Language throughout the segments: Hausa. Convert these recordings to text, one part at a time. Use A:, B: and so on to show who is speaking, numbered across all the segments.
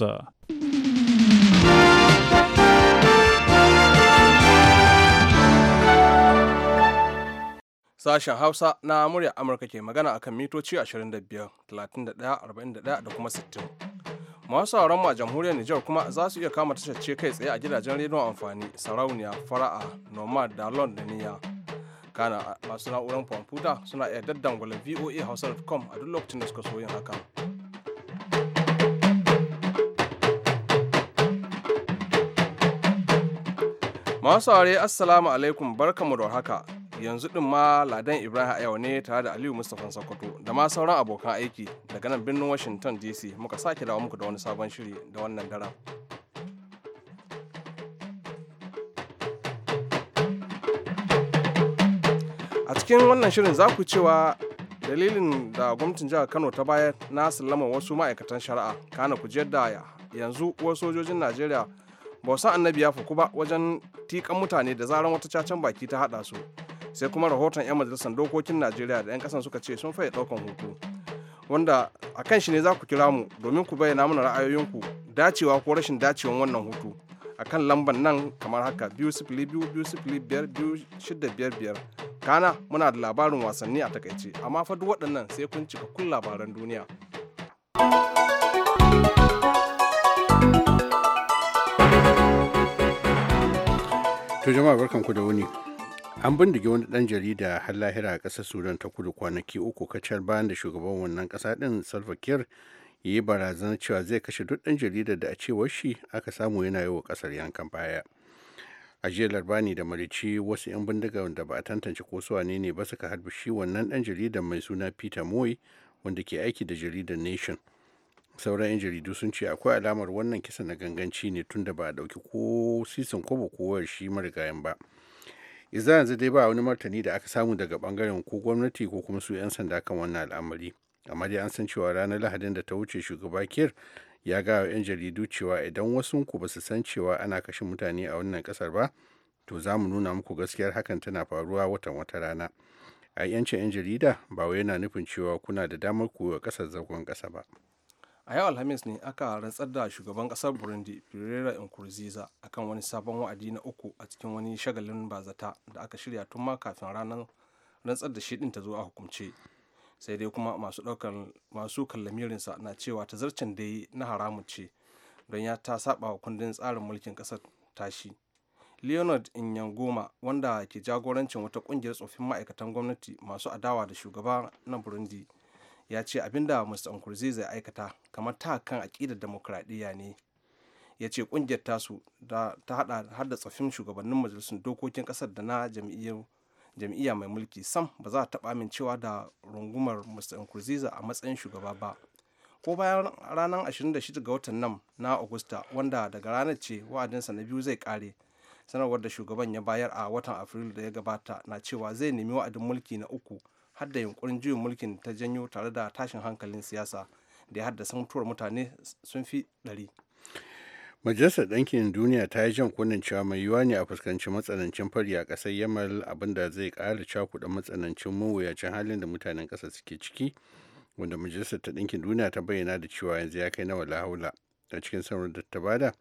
A: Tulsa.
B: Sashen Hausa na murya Amurka ke magana akan mitoci 25, 31, 41 da kuma 60. Masu sauran a jamhuriyar Nijar kuma za su iya kama tashar kai tsaye a gidajen rediyon amfani, sarauniya, fara'a, nomad da lon da niyya. Kana masu na'urar kwamfuta suna iya daddangwala voa hausa.com a duk lokacin da suka so yin haka. Masu aure assalamu alaikum barkamu da haka yanzu din ma ladan Ibrahim yau ne tare da Aliyu Mustapha Sokoto da ma sauran abokan aiki daga nan birnin Washington DC muka sake dawo muku da wani sabon shiri da wannan daren. A cikin wannan shirin za ku cewa dalilin da gwamnatin jihar Kano ta bayar na sallama wasu ma'aikatan shari'a kana ku da yanzu wasu sojojin Najeriya ba wasu annabi ya fuku ba wajen tikan mutane da zaran wata cacen baki ta hada su sai kuma rahoton 'yan majalisar dokokin najeriya da 'yan kasan suka ce sun faye ɗaukan hutu wanda a kan shi ne za ku kira mu domin ku bayyana mana ra'ayoyinku dacewa ko rashin dacewan wannan hutu a kan lambar nan kamar haka biyu sifili biyu biyu sifili biyar biyu shida biyar biyar kana muna da labarin wasanni a takaice amma fa duk waɗannan sai kun cika kun labaran duniya. thank you
C: wato jama'a ku da wuni. An bindige wani dan jarida har lahira a ƙasar Sudan ta kudu kwanaki uku kacal bayan da shugaban wannan ƙasa din Salva Kiir ya yi barazanar cewa zai kashe duk dan jaridar da a cewar shi aka samu yana yi wa ƙasar yankan baya. A jiya larbani da marici wasu 'yan bindiga da ba a tantance ko su wane ne ba suka harbi shi wannan dan jaridar mai suna Peter Moy wanda ke aiki da jaridar Nation. sauran 'yan jaridu sun ce akwai alamar wannan kisa na ganganci ne tun da ba a ɗauki ko sisin kobo kowar shi marigayen ba iza yanzu dai ba wani martani da aka samu daga bangaren ko gwamnati ko kuma su 'yan sanda kan wannan al'amari amma dai an san cewa ranar lahadin da ta wuce shugaba kir ya gawa 'yan jaridu cewa idan wasu ku ba su san cewa ana kashe mutane a wannan kasar ba to za mu nuna muku gaskiyar hakan tana faruwa watan wata rana a 'yancin 'yan jarida ba wai yana nufin cewa kuna da damar ku wa kasar zagon kasa ba
B: a yau alhamis ne aka rantsar da shugaban kasar burundi pierre nkurunziza akan wani sabon wa'adi na uku a cikin wani shagalin bazata da aka shirya tun ma kafin ranar rantsar da shi din ta zo a hukumce sai dai kuma masu daukar masu kallamirinsa na cewa zarcen da yi na haramun ce don ya ta saba wa kundin tsarin mulkin kasar tashi leonard inyangoma wanda ke jagorancin wata kungiyar tsoffin ma'aikatan gwamnati masu adawa da shugaba na burundi ya ce abin da mr nkurunziza ya aikata kamar ta kan aƙidar demokradiyya ne ya ce ƙungiyar tasu ta hada har da tsoffin shugabannin majalisun dokokin ƙasar da na jam'iyya mai mulki sam ba za a taɓa amincewa da rungumar mr nkurunziza a matsayin shugaba ba ko bayan ranar 26 ga watan nan na agusta wanda daga ranar ce wa'adinsa na biyu zai kare sanarwar da shugaban ya bayar a watan afrilu da ya gabata na cewa zai nemi wa'adin mulki na uku har da yunkurin juyin mulkin ta janyo tare da tashin hankalin siyasa da ya haddasa mutuwar mutane sun fi ɗari.
C: majalisar ɗankin duniya ta yi jan kunnen cewa mai yiwuwa ne a fuskanci matsanancin fari a ƙasar yamal abinda zai ƙara cakuɗa matsanancin mawuyacin halin da mutanen ƙasa suke ciki wanda majalisar ta ɗinkin duniya ta bayyana da cewa yanzu ya kai na wala a cikin sauran da ta bada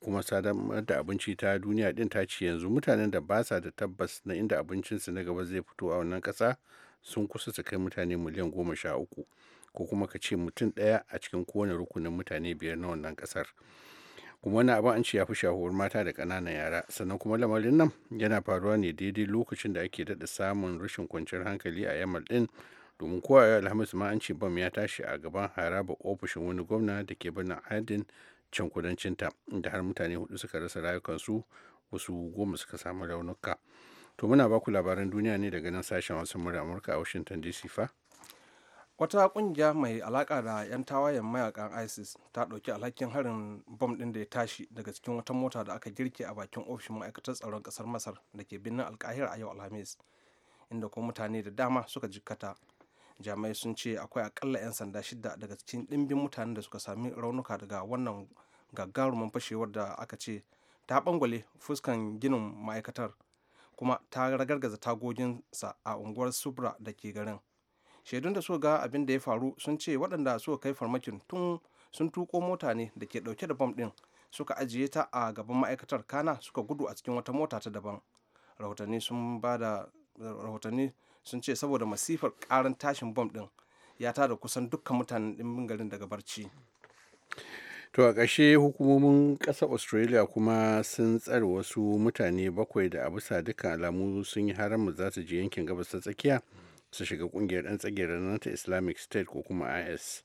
C: kuma sadamar da abinci ta duniya ɗin ta ce yanzu mutanen da ba sa da tabbas na inda abincinsu na gaba zai fito a wannan ƙasa sun kusa su kai mutane miliyan goma sha uku ko kuma ka ce mutum ɗaya a cikin kowane rukunin mutane biyar na wannan ƙasar kuma wani abin an ce ya fi shahuwar mata da ƙananan yara sannan kuma lamarin nan yana faruwa ne daidai lokacin da ake daɗa samun rashin kwanciyar hankali a yamal ɗin domin kowa ya alhamis ma an ce bam ya tashi a gaban haraba ofishin wani gwamna da ke birnin adin can kudancinta inda har mutane hudu suka rasa rayukansu wasu goma suka samu raunuka To muna ba ku labaran duniya ne daga nan sashen wasu murya Amurka a Washington DC fa.
B: Wata kungiya mai alaka da 'yan tawayen mayakan ISIS ta ɗauki alhakin harin bom ɗin da ya tashi daga cikin wata mota da aka girke a bakin ofishin ma'aikatar tsaron ƙasar Masar da ke birnin Alkahira a yau Alhamis, inda kuma mutane da dama suka jikkata. Jami'ai sun ce akwai akalla 'yan sanda shida daga cikin ɗimbin mutanen da suka sami raunuka daga wannan gagarumin fashewar da aka ce ta bangwale fuskan ginin ma'aikatar. kuma ta ragargaza tagoginsa a unguwar subra da ke garin shaidun da suka ga abin da ya faru sun ce waɗanda suka kai farmakin tun sun tuko mota ne da ke ɗauke da bom ɗin suka ajiye ta a gaban ma'aikatar kana suka gudu a cikin wata mota ta daban rahotanni sun ce saboda masifar karan tashin bom ɗin ya tada kusan dukkan mutanen bin garin daga barci
C: To a ƙashe hukumomin ƙasar Australia kuma sun tsare wasu mutane bakwai da a bisa dukkan alamu sun yi haramun za su je yankin gabas ta tsakiya su shiga ƙungiyar 'yan tsagiyar na ta Islamic State ko kuma IS.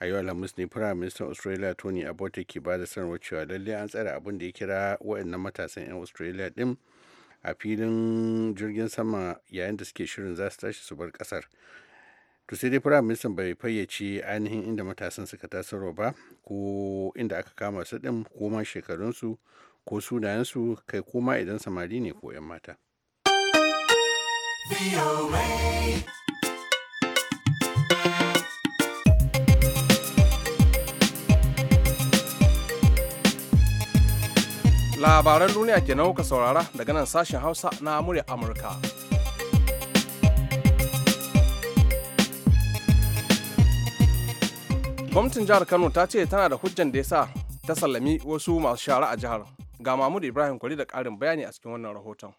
C: A yau Alhamis ne Prime Minister Australia Tony Abbott ke ba da sanarwar cewa lalle an tsare abin da ya kira waɗannan matasan 'yan Australia ɗin a filin jirgin sama yayin da suke shirin za su tashi su bar ƙasar. to sai dai firayim ministan bai fayyace ainihin inda matasan suka tasarwa ba ko inda aka kama su ɗin ko ma shekarunsu ko sunayensu kai ko ma idan samari ne ko 'yan mata.
B: Labaran duniya ke nauka saurara daga nan sashen Hausa na murya Amurka. gwamnatin jihar kano ta ce tana da hujjan da ya sa ta sallami wasu masu shara a jihar ga mahmud ibrahim kwari da karin bayani a cikin wannan rahoton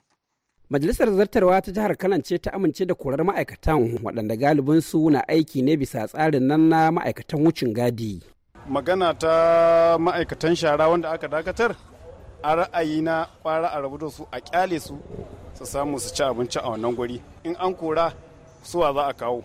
A: Majalisar Zartarwa ta jihar kano ce ta amince da korar ma'aikatan waɗanda galibin su na aiki ne bisa tsarin nan na ma'aikatan wucin gadi.
D: Magana ta ma'aikatan shara wanda aka dakatar a na kwara a rabu da su a kyale su su samu su ci abinci a wannan guri in an kora suwa za a kawo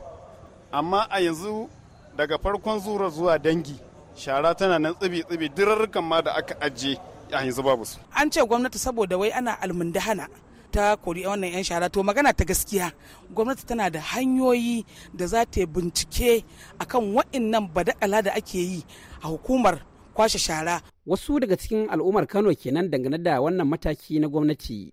D: amma a yanzu daga farkon zura zuwa dangi shara tana nan tsibi-tsibi dirarrukan ma da aka ajiye a yanzu babu su an ce gwamnati saboda wai ana almundahana
A: ta kori wannan 'yan shara to magana ta gaskiya gwamnati tana da hanyoyi da za ta bincike akan wa'innan badakala da ake yi a hukumar kwashe shara wasu daga cikin al'ummar kano kenan dangane da wannan mataki na gwamnati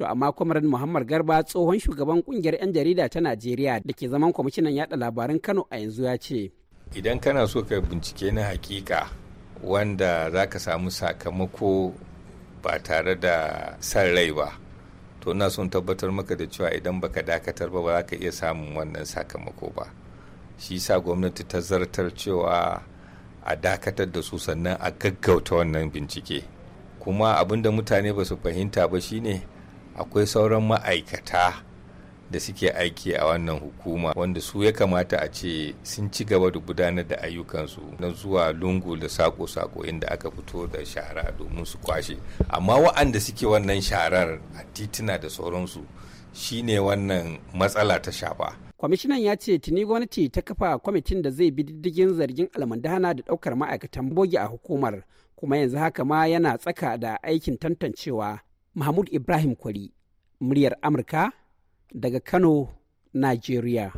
A: To amma kwamarin Muhammad Garba tsohon shugaban kungiyar 'yan jarida ta Najeriya da ke zaman kwamishinan yada labaran Kano a yanzu ya ce.
E: Idan kana so ka bincike na hakika wanda za ka samu sakamako ba tare da san rai ba, to na son tabbatar maka da cewa idan baka dakatar ba ba za ka iya samun wannan sakamako ba. Shi sa gwamnati ta zartar cewa a dakatar da su sannan a gaggauta wannan bincike. Kuma abin da mutane ba su fahimta ba shine ne akwai sauran ma'aikata da suke aiki a wannan hukuma wanda su ya kamata a ce sun ci gaba da gudanar da ayyukansu na zuwa lungu da sako-sako inda aka fito da shara domin su kwashe amma wa'anda suke wannan sharar a tituna da sauransu shine wannan matsala ta shafa
A: kwamishinan ya ce tuni gwamnati ta kafa kwamitin da zai bi diddigin zargin almandana da daukar ma'aikatan bogi a hukumar kuma yanzu haka ma yana tsaka da aikin tantancewa Mahmud Ibrahim Kwari, muryar Amurka daga Kano, Najeriya.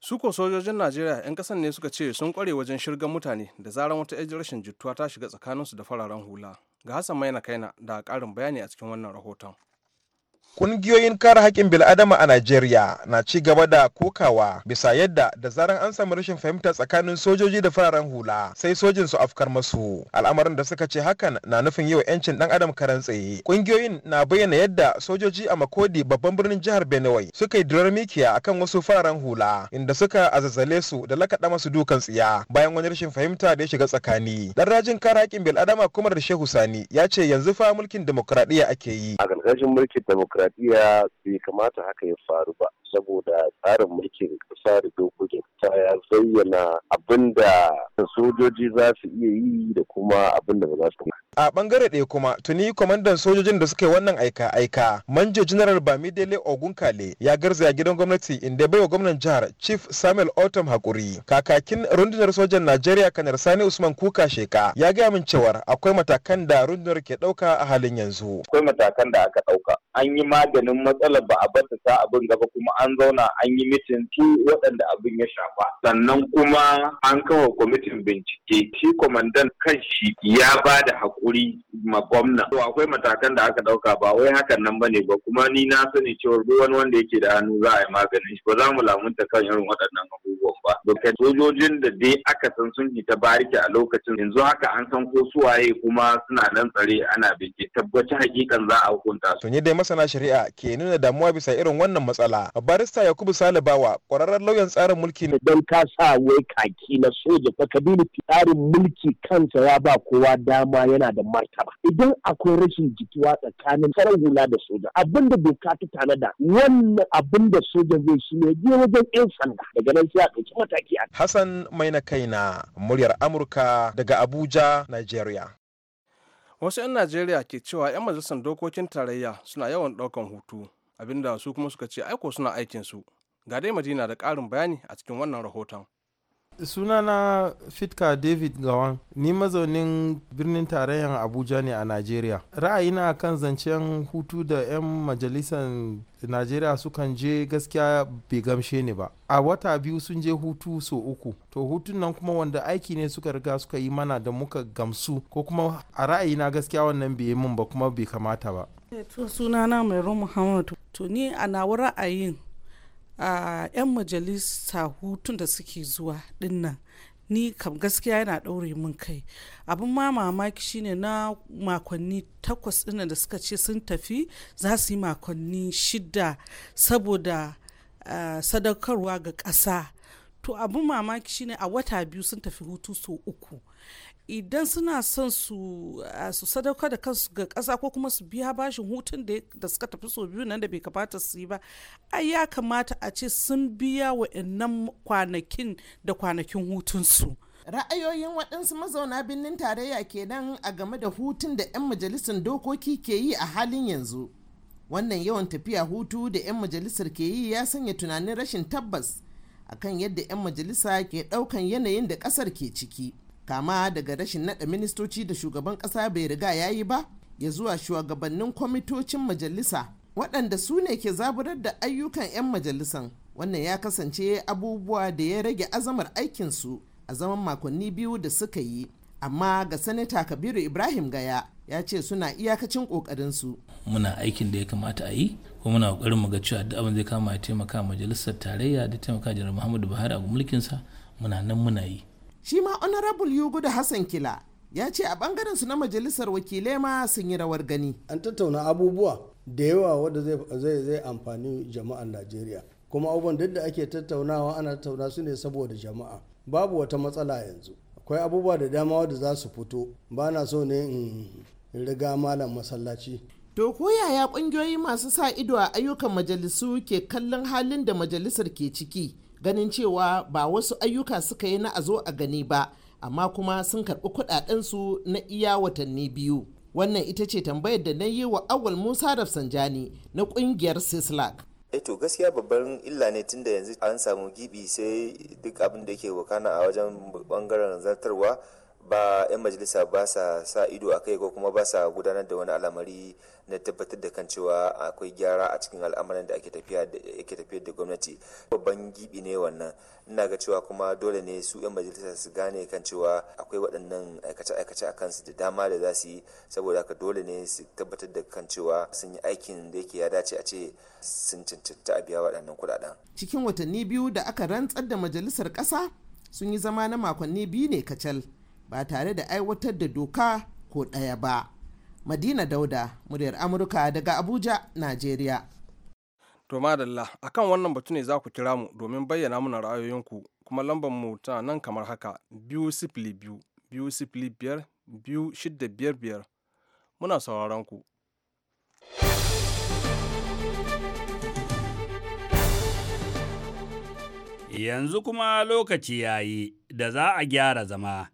B: Suko sojojin Najeriya 'yan kasan ne suka ce sun kware wajen shirgan mutane da zaran wata yar rashin jituwa ta shiga tsakaninsu da fararen hula. Ga Hassan Maina Kaina da ƙarin bayani a cikin wannan rahoton.
F: Kungiyoyin kare haƙƙin bil'adama a Najeriya na ci gaba da kokawa bisa yadda da zaran an samu rashin fahimta tsakanin sojoji da fararen hula sai sojin su afkar masu al'amarin da suka ce hakan na nufin yau 'yancin ɗan adam karan tsaye. Kungiyoyin na bayyana yadda sojoji a Makodi babban birnin jihar Benue suka yi durar mikiya akan wasu fararen hula inda suka azazzale su da lakaɗa masu dukan tsiya bayan wani rashin fahimta da ya shiga tsakani. Ɗan rajin kare haƙƙin bil'adama kuma da Shehu Sani ya ce yanzu fa mulkin dimokuraɗiyya ake yi.
E: A demokuraɗiyya bai kamata haka ya faru ba saboda tsarin mulkin ƙasa da dokokin ta ya zayyana abin da sojoji za su iya yi da kuma abin da za su
F: a bangare ɗaya kuma tuni kwamandan sojojin da suka yi wannan aika-aika manjo general bamidele ogunkale ya garzaya gidan gwamnati inda baiwa gwamnan jihar chief samuel otom hakuri kakakin rundunar sojan najeriya kanar sani usman kuka sheka ya gaya min cewar akwai matakan da rundunar ke ɗauka a halin yanzu
E: akwai matakan da aka ɗauka an yi maganin matsalar ba a bata sa abin gaba kuma an zauna an yi mitin su waɗanda abin ya shafa sannan kuma an kawo kwamitin bincike shi kwamandan kanshi ya ba da haƙuri ma gwamna to akwai matakan da aka ɗauka ba wai hakan nan bane ba kuma ni na sani cewa duk wani wanda yake da hannu za a yi maganin shi ba za mu lamunta kan irin waɗannan abubuwan ba duka sojojin da dai aka san sun ta bariki a lokacin yanzu haka an san ko suwaye kuma suna nan tsare ana bincike tabbaci hakikan za a hukunta
F: su. shari'a shari'a ke nuna damuwa bisa irin wannan matsala barista yakubu salibawa kwararren lauyan tsarin
E: mulki ne don ka sa wai kaki na soja ta ka tsarin mulki kansa ya ba kowa dama yana da martaba idan akwai rashin jituwa tsakanin farar hula da soja abin da doka ta tanada wannan abin da soja zai shi ne je wajen yan sanda
F: daga nan sai a ɗauki mataki a hassan mai na kai na muryar amurka daga abuja nigeria
B: wasu 'yan najeriya ke cewa 'yan majalisar dokokin tarayya suna yawan ɗaukan hutu abinda su kuma suka ce aiko suna aikinsu ga dai madina da ƙarin bayani a cikin wannan rahoton
F: sunana fitka david gawan ni mazaunin birnin tarayyar abuja ne a najeriya ra'ayina kan zancen hutu da 'yan majalisar najeriya sukan je gaskiya bai gamshe ni ba a wata biyu sun je hutu so uku to hutun nan kuma wanda aiki ne suka riga suka yi mana da muka gamsu ko kuma a ra'ayina gaskiya wannan bai yi min ba kuma bai kamata ba
A: to sunana mai muhammad to ni a nawa ra'ayin a 'yan majalisa hutun da suke zuwa dinnan ni kam gaskiya yana ɗaure min kai abin ma mamaki shine na makonni takwas dinnan da suka ce sun tafi za su yi makonni shida saboda sadaukarwa ga ƙasa to abin mamaki shine a wata biyu sun tafi hutu sau uku idan suna son su eh, su sadauka da kansu ga ƙasa ko kuma su biya bashin hutun da suka tafi so biyu nan da bai kamata su yi ba ai ya kamata a ce sun biya wa'annan kwanakin da kwanakin hutunsu ra'ayoyin waɗansu mazauna birnin tarayya kenan a game da hutun da 'yan majalisar dokoki ke yi a halin yanzu wannan yawan tafiya hutu da 'yan majalisar ke yi ya sanya tunanin rashin tabbas akan yadda 'yan majalisa ke ɗaukan yanayin da ƙasar ke ciki kama daga rashin naɗa ministoci da shugaban ƙasa bai riga ya yi ba ya zuwa shugabannin kwamitocin majalisa waɗanda su ne ke zaburar da ayyukan 'yan majalisan wannan ya kasance abubuwa da ya rage azamar aikinsu a zaman makonni biyu da suka yi amma ga sanata kabiru ibrahim gaya ya ce suna iyakacin ƙoƙarinsu
E: muna aikin da ya kamata a yi ko muna ƙoƙarin mu ga cewa duk abin zai kama ya taimaka majalisar tarayya da taimaka janar muhammadu buhari a mulkinsa muna nan muna yi
A: shi ma honorable yugo da hassan kila ya ce a bangaren su na majalisar wakilai ma sun yi rawar gani an tattauna abubuwa da yawa wadda zai zai amfani jama'an najeriya kuma abubuwan duk da ake tattaunawa ana
E: tattauna su ne saboda jama'a babu wata matsala yanzu akwai abubuwa da dama wadda za su fito ba na so ne in riga malam masallaci
A: To ko yaya kungiyoyi masu sa ido a ayyukan majalisu ke kallon halin da majalisar ke ciki ganin cewa ba wasu ayyuka suka yi na a zo a gani ba amma kuma sun karɓi kuɗaɗensu na iya watanni biyu wannan ita ce tambayar da na yi wa awal musa rafsanjani na ƙungiyar sislak
E: eh to gaskiya babban illa ne tunda yanzu an samu gibi sai duk abin da ke wakana a wajen bangaren zartarwa ba 'yan majalisa ba sa sa ido a kai ko kuma ba sa gudanar da wani al'amari na tabbatar da kan cewa akwai gyara a cikin al'amarin da ake tafiyar da gwamnati babban gibi ne wannan ina ga cewa kuma dole ne su 'yan majalisa su gane kan cewa akwai waɗannan aikace-aikace a kansu da dama da za su yi saboda haka dole ne su tabbatar da kan cewa sun yi aikin da yake ya dace a ce sun cancanta a biya waɗannan kuɗaɗen
A: cikin watanni biyu da aka rantsar da majalisar ƙasa sun yi zama na makonni biyu ne kacal ba tare da aiwatar da doka ko ɗaya ba madina dauda muryar amurka daga abuja najeriya
B: to madalla akan wannan batu ne za ku kira mu domin bayyana muna ra'ayoyinku kuma lambar mu ta nan kamar haka biyu sifili biyu biyu sifili biyar biyu shidda biyar biyar muna sauraron ku yanzu
E: kuma lokaci yayi da za a gyara zama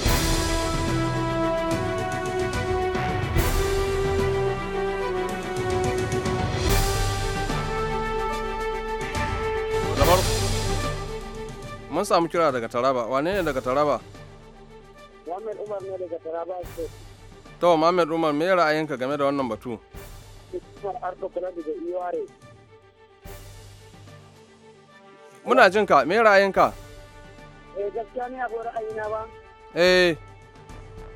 B: mun samu kira daga taraba wane ne daga taraba
E: Muhammad Umar ne daga Taraba
B: To Muhammad Umar me ra'ayinka game da wannan batu?
F: kula daga e
B: Muna jin ka me ra'ayinka?
E: Eh gaskiya ni akwai ra'ayina ba. Eh.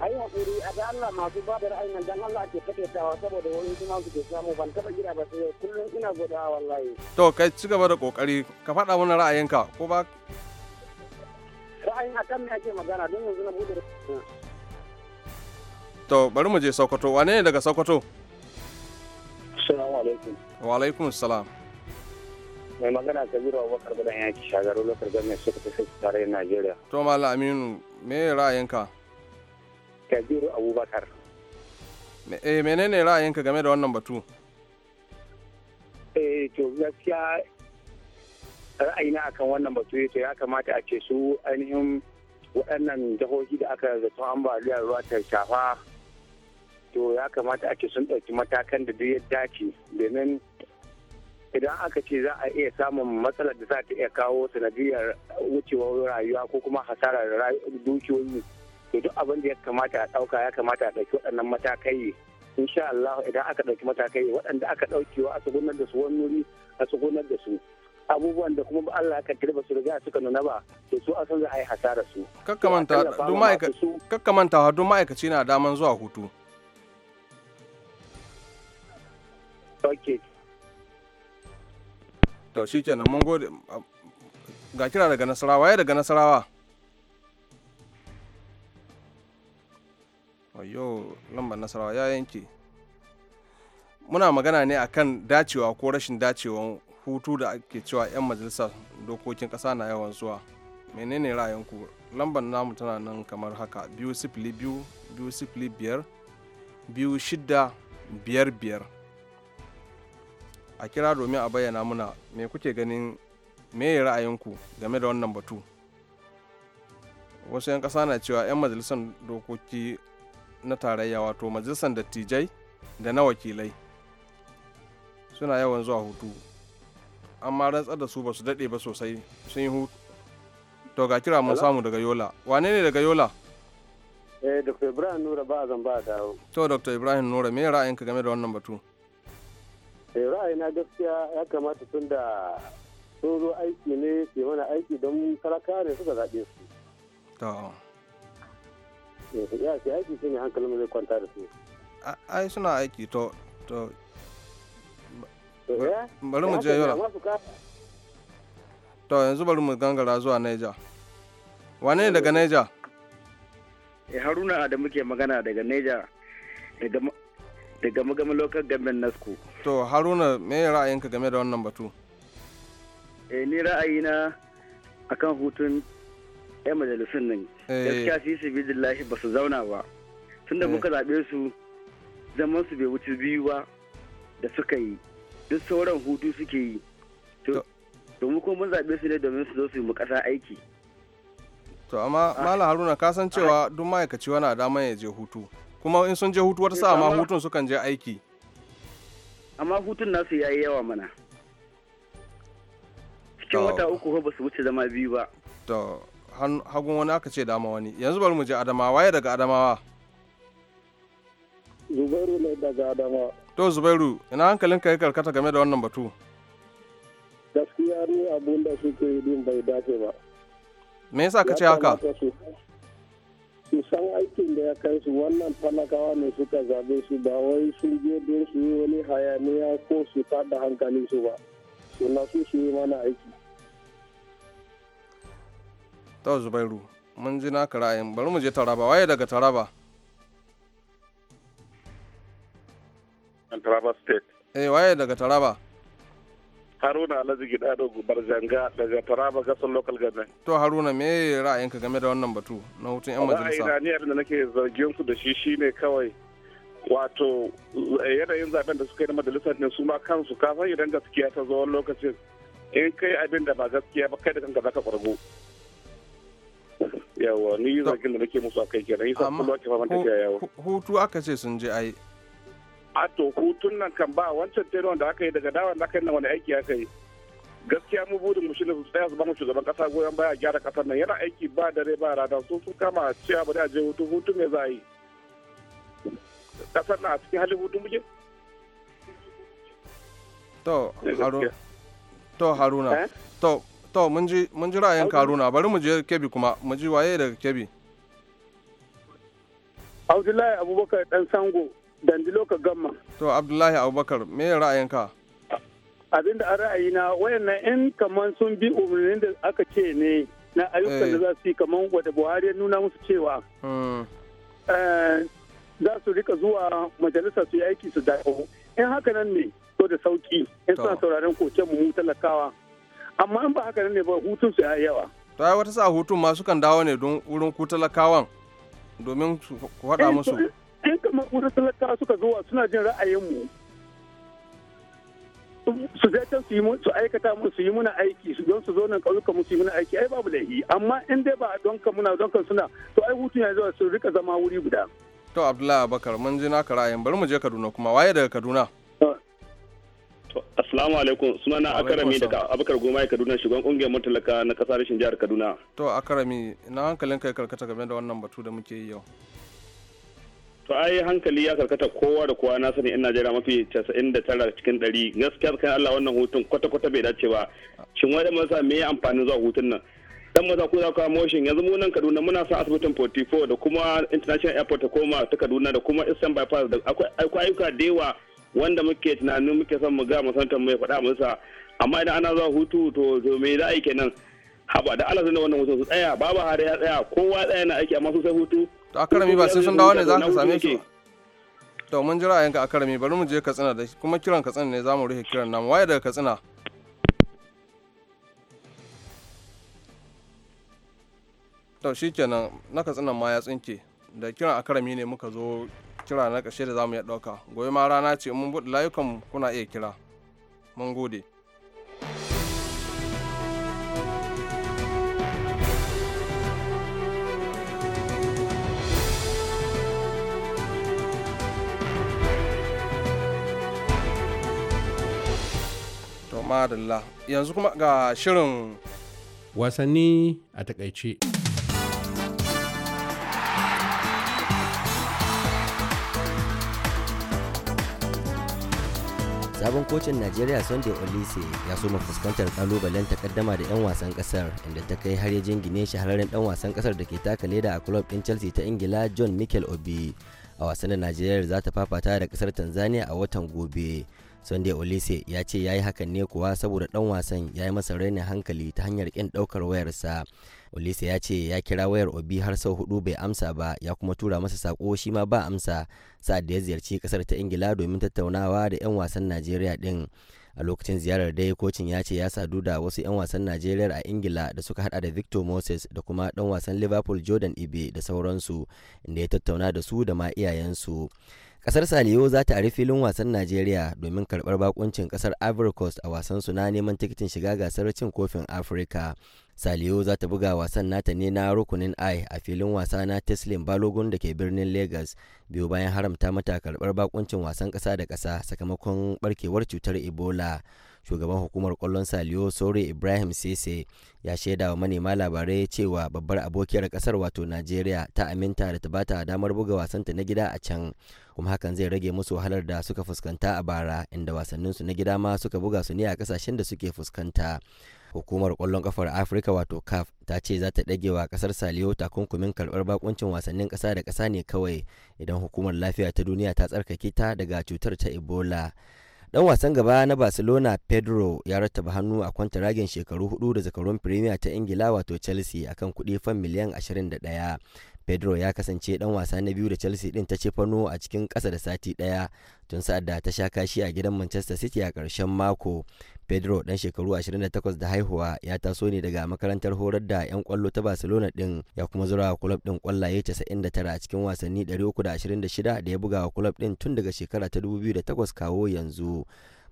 E: Ai hakuri a da Allah masu ba da ra'ayin dan Allah ake kadaitawa saboda wani kuma su ke samu ban taba gida ba sai kullum ina godawa wallahi.
B: To kai ci gaba da kokari ka faɗa mana ra'ayinka ko ba
A: ra'ayin magana don yanzu na bude
B: To bari mu je Sokoto wane ne daga Sokoto?
E: Assalamu alaikum.
B: Wa alaikum salam.
E: Mai magana Kabiru Abubakar Badan yaki shagaru lokar gwamnati Sokoto sai tare da Najeriya.
B: To Malam Aminu me ra'ayinka?
E: Kabiru Abubakar.
B: Eh menene ra'ayinka game da wannan batu?
E: Eh to gaskiya ra'ayina akan wannan batu ya ya kamata a ce su ainihin waɗannan jihohi da aka zato ambaliyar ruwa ta shafa to ya kamata a ce sun ɗauki matakan da duk ya dace domin idan aka ce za a iya samun matsalar da za ta iya kawo sanadiyar wucewar rayuwa ko kuma hasarar dukiyoyi to duk abin da ya kamata a ɗauka ya kamata a ɗauki waɗannan matakai insha Allah idan aka ɗauki matakai waɗanda aka wa a tsugunar da su wani wuri a tsugunar da su abubuwan da kuma Allah ka kirba su riga suka nuna ba to su san za a yi hasara su
B: kakkamantawa don ma'aikaci na daman zuwa hutu ok to shi kenan mun gode ga kira daga nasarawa ya daga nasarawa ayo lambar nasarawa ya yanke muna magana ne akan dacewa ko rashin dacewa hutu da ake cewa 'yan majalisar dokokin ƙasa na yawan zuwa menene ra'ayinku lambar namu tana nan kamar haka biyu sifili biyu biyu sifili biyar biyu shida biyar biyar a kira domin a bayyana muna me kuke ganin me ra'ayinku game da wannan batu wasu 'yan ƙasa na cewa 'yan majalisar dokoki na tarayya wato majalisar dattijai da na wakilai suna yawan zuwa hutu amma rantsar da su ba su daɗe ba sosai sun yi hutu to ga kira mun samu daga yola wane ne daga yola
E: eh dr ibrahim nura ba zan ba dawo
B: to dr ibrahim nura me ra'ayinka game da wannan batu
E: eh ra'ayina gaskiya ya kamata tun da sun zo aiki ne ke mana aiki don talaka ne suka zaɓe su to eh, ya ce aiki shi ne hankalin zai kwanta da su
B: ai suna aiki to to
E: Eh? bari mu je yola
B: to yanzu bari mu gangara zuwa naija wane ne daga naija
E: eh, haruna adamu ke magana daga naija daga magama local government nasku
B: to haruna me ra'ayinka game da wannan batu
E: eh ni ra'ayina akan hutun ya majalisun nan eh. gaskiya su yi su bidillahi ba su zauna ba tun da muka zaɓe su zaman su bai wuce biyu ba da suka yi duk sauran hutu suke yi mu kuma mun zaɓe su ne domin su zo su yi mu ƙasa aiki
B: to amma ah. malam haruna ka san ah. cewa duk ma'aikaci wani a dama ya je hutu kuma in sun je hutu wata eh, sa ma hutun sukan je aiki
E: amma hutun nasu ya yi yawa mana cikin wata uku ba su wuce zama biyu ba
B: to hagun wani aka ce dama wani yanzu bari mu je adamawa waye daga adamawa
E: Zubairu ne daga Adama.
B: To Zubairu, ina hankalin ka ya karkata game da wannan batu?
E: Gaskiya ne abun da suke yi din bai dace ba.
B: Me yasa ka ce haka?
E: Su san aikin da ya kai su wannan talakawa ne suka zabe su ba wai sun je don su yi wani hayaniya ko su fada hankali su ba. su na su su yi mana aiki.
B: To Zubairu, mun ji naka ra'ayin bari mu je Taraba, waye daga Taraba? Taraba State. Eh waye daga Taraba?
E: Haruna Alhaji Gidado barzanga daga Taraba Gasar Local Government.
B: To Haruna me ra'ayinka game da wannan batu na hutun 'yan majalisa?
E: Ra'ayi da nake zargin ku da shi shine kawai wato yanayin zaben da suka yi na majalisa ne su ma kansu kafin idan gaskiya ta zo lokacin in kai abin da ba gaskiya ba kai da kanka zaka kwargo. Yawa ni zargin da nake musu kai kenan yasa kullum ake faman tafiya yawa.
B: Hutu aka ce sun je ai
E: a to hutun nan kan ba wancan tero da aka yi daga dawan da aka yi nan wani aiki aka yi gaskiya mu burin mu shine su tsaya su ba mu shugaban kasa goyon baya gyara kasar nan yana aiki ba dare ba rana su sun kama cewa ba da je hutu hutu me za a yi kasar nan a cikin halin hutu muke
B: to eh, haruna to haruna eh? to to mun ji mun ji ra'ayin haruna bari mu je kebi kuma mu ji waye daga kebi
E: Abdullahi Abubakar dan Sango dandilo ka gamma
B: to abdullahi abubakar me ra'ayinka
E: abin da a ra'ayina wayannan in kaman sun bi umarnin da aka ce ne na ayyukan da eh. za su yi kaman wadda buhari ya nuna musu cewa hmm. eh, za su rika zuwa majalisa su yi aiki su dawo in haka nan ne to da sauki in suna sauraron koken mu talakawa amma in ba haka nan ne ba hutun su yayi yawa
B: to ai wata sa hutun ma sukan dawo ne don wurin ku talakawan domin ku faɗa eh, musu
E: in kamar wurin talaka suka zo suna jin ra'ayinmu su zai can su aikata mu su yi muna aiki su don su zo nan ƙauyuka mu su yi muna aiki ai babu laifi amma in dai ba don kan muna don kan suna to ai hutun ya zuwa su rika zama wuri guda
B: to abdullahi abakar mun ji naka ra'ayin bari mu je kaduna kuma waye daga kaduna
E: Assalamu alaikum na Akarami daga Abakar Goma Kaduna shugaban kungiyar matalaka na kasar rashin jihar Kaduna.
B: To Akarami na hankalin kai karkata game da wannan batu da muke yi yau. to ai hankali ya
E: karkata kowa da kowa na sani in najeriya mafi casa'in da tara cikin ɗari gaskiya kan allah wannan hutun kwata-kwata bai dace ba shin wani dan masa me amfani zuwa hutun nan dan maza ku za ku motion yanzu mu nan kaduna muna son asibitin 44 da kuma international airport ta koma ta kaduna da kuma eastern bypass da akwai ayyuka da yawa wanda muke tunanin muke son mu ga masantar mu ya faɗa musa amma idan ana zuwa hutu to to me za a yi kenan haba da allah zai wannan hutun su tsaya babu hare ya tsaya kowa tsaya na aiki amma su sai hutu to akarami ba sai sun dawo ne za ka same su.
B: to mun jira yanka akarami bari mu je katsina da kuma kiran katsina ne za mu rufe kiran namu waye daga katsina to shi kenan na katsina ma ya tsinke da kiran akarami ne muka zo kira na kashe da za mu iya ɗauka gobe ma rana ce mun buɗe layukan kuna iya kira mun gode madalla yanzu kuma ga shirin
C: wasanni a takaice
G: sabon kocin najeriya sunday olise ya soma fuskantar kalubalen takaddama da 'yan wasan kasar inda ta kai har ya jingine shahararren dan wasan kasar da ke taka leda a club din chelsea ta ingila john michael obi a wasan da najeriya za ta fafata da kasar tanzania a watan gobe sunday olise ya ce ya yi hakan ne kuwa saboda dan wasan ya yi masa rainin hankali ta hanyar kin daukar wayarsa olise ya ce ya kira wayar obi har sau hudu bai amsa ba ya kuma tura masa sako shi ma ba amsa sa'ad da ya ziyarci kasar ta ingila domin tattaunawa da 'yan wasan najeriya din a lokacin ziyarar dai kocin ya ce ya sadu da wasu 'yan wasan najeriya a ingila da suka hada da victor moses da kuma dan wasan liverpool jordan ibe da sauransu inda ya tattauna da su da ma iyayensu Kasar Saliyo za ta ari filin wasan Najeriya domin karbar bakuncin kasar Ivory Coast a wasan su na neman tikitin shiga gasar cin kofin Afirka. Saliyo za ta buga wasan nata ne na rukunin I a filin wasa na Teslim Balogun da ke birnin Lagos biyu bayan haramta mata karbar bakuncin wasan kasa da kasa sakamakon barkewar cutar Ebola. shugaban hukumar kwallon saliyo sore ibrahim sese ya shaida wa manema labarai cewa babbar abokiyar kasar wato najeriya ta aminta da ta bata damar buga wasanta na gida a can kuma hakan zai rage musu wahalar da suka fuskanta a bara inda wasanninsu na gida ma suka buga su ne a kasashen da suke fuskanta hukumar kwallon kafar afirka wato caf ta ce za ta ɗage wa kasar saliyo takunkumin karbar bakuncin wasannin ƙasa da kasa ne kawai idan hukumar lafiya ta duniya ta tsarkake ta daga cutar ta ebola dan wasan gaba na barcelona pedro ya rattaba hannu a kwanta ragin shekaru hudu da zakarun premier ta ingila wato chelsea akan kuɗi fan miliyan 21 pedro ya kasance dan wasa na biyu da chelsea din ta ce fano a cikin kasa da sati ɗaya tun sa'ad da ta sha kashi a gidan manchester city a ƙarshen mako pedro dan shekaru 28 da haihuwa ya taso ne daga makarantar horar da 'yan kwallo ta barcelona din ya kuma zura wa kulob din kwallaye 99 a cikin wasanni 326 da ya buga wa kulob din tun daga shekara ta 2008 kawo yanzu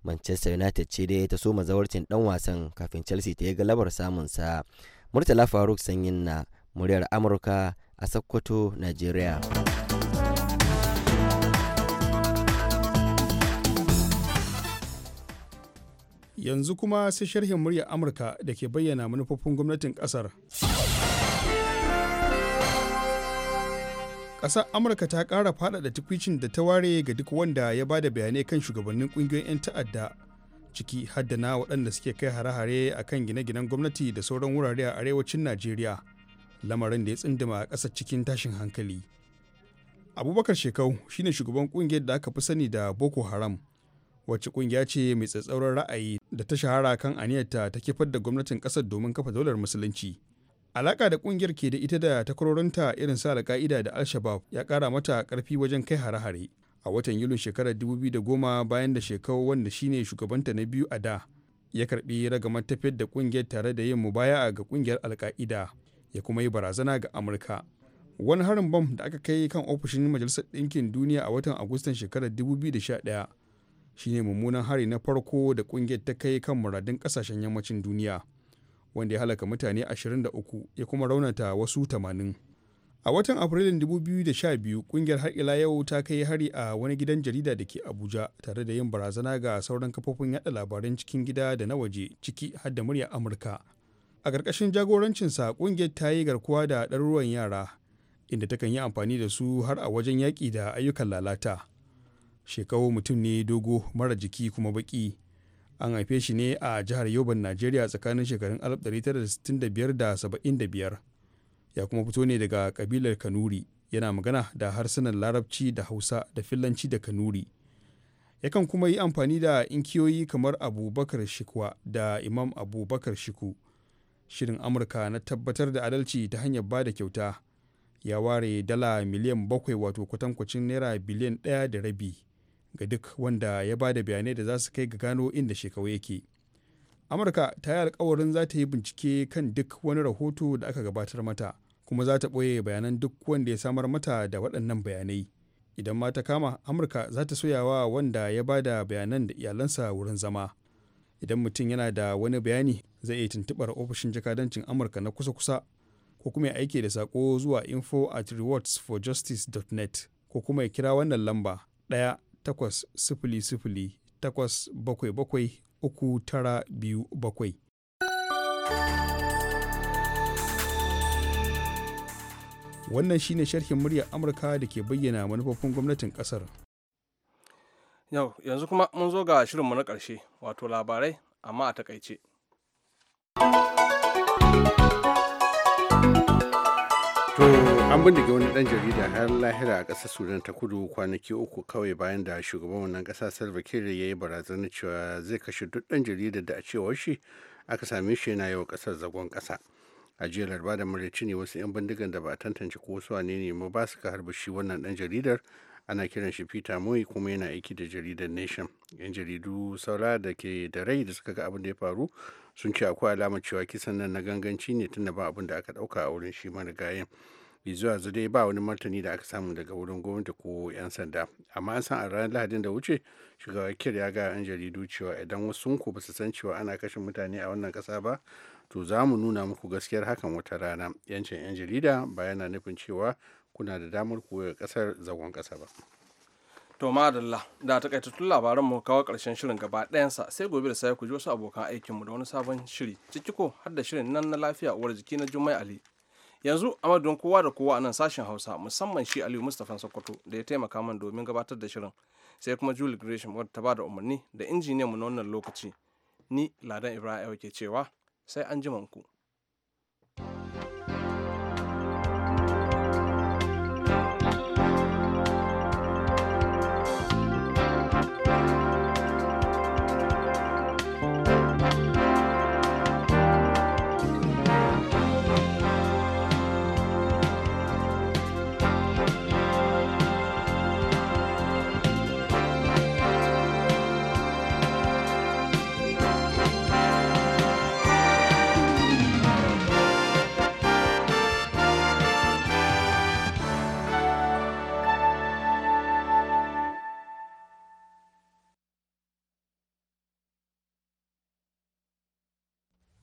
G: manchester united ce dai ta so mazawarcin dan wasan kafin chelsea ta yi galabar samun sa. murtala faruk sanyin na muryar amurka a sokoto nigeria
D: yanzu kuma sai sharhin muryar amurka da ke bayyana manufofin gwamnatin kasar ƙasar amurka ta ƙara faɗaɗa tukwicin da ta ware ga duk wanda ya ba da bayanai kan shugabannin ƙungiyoyin 'yan ta'adda ciki haddana waɗanda suke kai hare-hare a kan gine-ginen gwamnati da sauran wurare a arewacin najeriya lamarin da ya tsindima a ƙasar cikin tashin hankali abubakar shekau shine shugaban ƙungiyar da aka fi sani da boko haram wacce kungiya ce mai tsatsauran ra'ayi da ta shahara kan aniyarta ta kifar da gwamnatin kasar domin kafa daular musulunci alaƙa da ƙungiyar ke da ita da takwarorinta irin sa alka'ida da al-shabab ya kara mata karfi wajen kai hare-hare a watan yulin shekarar 2010 bayan da shekau wanda shine shugabanta na biyu a da ya karbi ragamar tafiyar da ƙungiyar tare da yin mubaya'a ga ƙungiyar alka'ida ya kuma yi barazana ga amurka wani harin bom da aka kai kan ofishin majalisar ɗinkin duniya a watan agustan shekarar 2011 shine mummunan hari na farko da kungiyar ta kai kan muradun kasashen yammacin duniya wanda ya halaka mutane 23 ya kuma raunata wasu 80 a watan afrilun 2012 kungiyar har ila yau ta kai hari a wani gidan jarida da ke abuja tare da yin barazana ga sauran kafofin yada labaran cikin gida da na waje ciki har da murya amurka a ƙarƙashin jagorancinsa kungiyar ta yi garkuwa da ɗaruruwan yara inda takan yi amfani da su har a wajen yaƙi da ayyukan lalata shekawo mutum ne dogo mara jiki kuma baki an haife shi ne a jihar yoban najeriya tsakanin shekarun 1965 ya kuma fito ne daga kabilar kanuri yana magana da harsunan larabci da hausa da filanci da kanuri yakan kuma yi amfani da inkiyoyi kamar abubakar shikwa da imam abubakar shiku shirin amurka na tabbatar da adalci ta hanyar ba da kyauta ya ware dala miliyan bakwai wato kwatankwacin naira biliyan ɗaya da rabi ga duk wanda ya ba da bayanai da za su kai ga gano inda shekau yake amurka ta yi alkawarin za ta yi bincike kan duk wani rahoto da aka gabatar mata kuma za ta ɓoye bayanan duk wanda ya samar mata da waɗannan bayanai idan ma ta kama amurka za ta soyawa wanda ya ba da bayanan da iyalansa wurin zama idan mutum yana da wani bayani zai iya tuntuɓar ofishin jakadancin amurka na kusa-kusa ko kuma ya aike da saƙo zuwa info at rewardsforjustice.net ko kuma ya kira wannan lamba ɗaya takwas sifili sifili takwas bakwai bakwai uku tara biyu bakwai. Wannan shi ne sharhin muryar Amurka da ke bayyana manufofin gwamnatin ƙasar.
B: Yau yanzu kuma mun zo ga shirinmu na ƙarshe wato labarai amma a takaice.
C: an bindiga wani dan jarida har lahira a kasar sudan ta kudu kwanaki uku kawai bayan da shugaban wannan ƙasa salva kiir ya yi barazanar cewa zai kashe duk dan jarida da a cewar shi aka same shi yana yawa ƙasar zagon kasa a jiya larba da maraici ne wasu 'yan bindigan da ba a tantance ko su ne ne ma ba su ka harba shi wannan dan jaridar ana kiran shi peter moy kuma yana aiki da jaridar nation yan jaridu saura da ke da rai da suka ga abin da ya faru sun ce akwai alamar cewa kisan nan na ganganci ne tunda ba abin da aka dauka a wurin shi marigayen zuwa dai ba wani martani da aka samu daga wurin gwamnati ko 'yan sanda amma an san a ranar lahadin da wuce shugaba kir ya ga 'yan jaridu cewa idan wasu ku ba su san cewa ana kashe mutane a wannan kasa ba to za mu nuna muku gaskiyar hakan wata rana yancin 'yan jarida ba yana nufin cewa kuna da damar koyar kasar zagon kasa ba to
B: madalla da takaitattun labaran mu kawo karshen shirin gaba ɗayansa sai gobe da sai ku ji wasu abokan aikinmu da wani sabon shiri ciki ko har da shirin nan na lafiya uwar jiki na jummai ali yanzu a kowa da kowa a nan sashen hausa musamman shi aliyu mustapha sokoto da ya taimaka man domin gabatar da shirin sai kuma julie gresham wadda ta bada umarni da injiniyan mu na wannan lokaci ni ladan ibrahim ke cewa sai an ku.